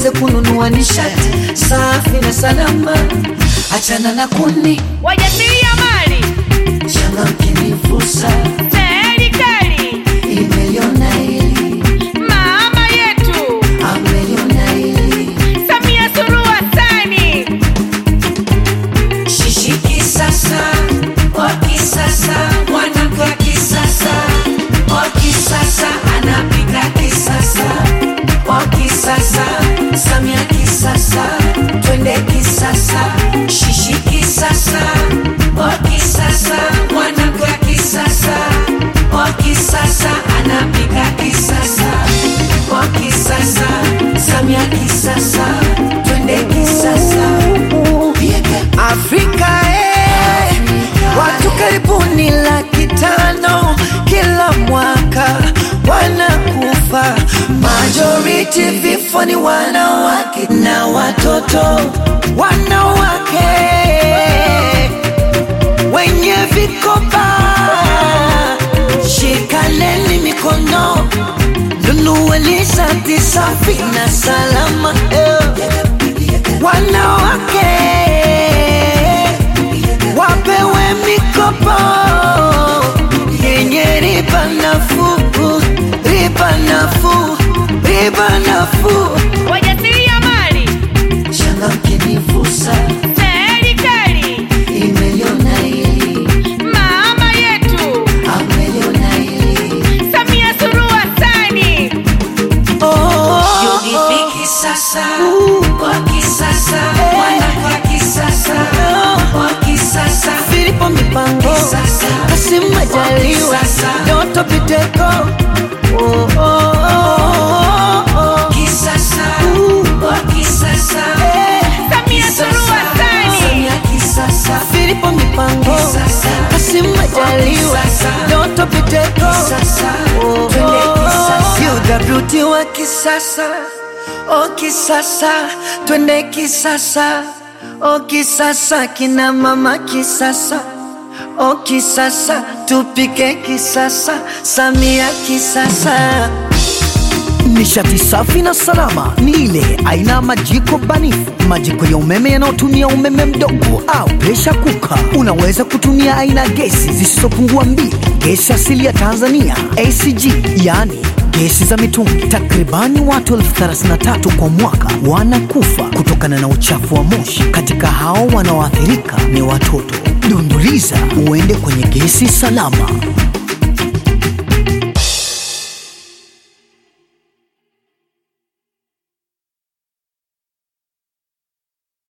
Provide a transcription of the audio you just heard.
uweze kununua nishati safi na salama. Achana na kuni wa ya mali, shanga fursa kisasa, twende kisasa. Afrika eh, watu karibuni laki tano kila mwaka wanakufa, majority vifo ni wanawake na watoto wanawake nishati safi na salama eh. Wanawake wapewe mikopo yenye riba nafuu, riba nafuu, riba nafuu, wajasiriamali shanga mkinivusa Doto Biteko wa oh, oh, oh, kisasa eh. Mipango oh, wa kisasa Oh kisasa, twende kisasa Oh kisasa, kina mama kisasa oh kisasa, tupike kisasa, Samia kisasa. Nishati safi na salama ni ile aina ya majiko banifu, majiko ya umeme yanayotumia umeme mdogo au pesha kuka. Unaweza kutumia aina gesi zisizopungua mbili, gesi asili ya Tanzania ACG, yani gesi za mitungi. Takribani watu elfu thelathini na tatu kwa mwaka wanakufa kutokana na uchafu wa moshi. Katika hao wanaoathirika ni watoto. Dunduliza uende kwenye gesi salama.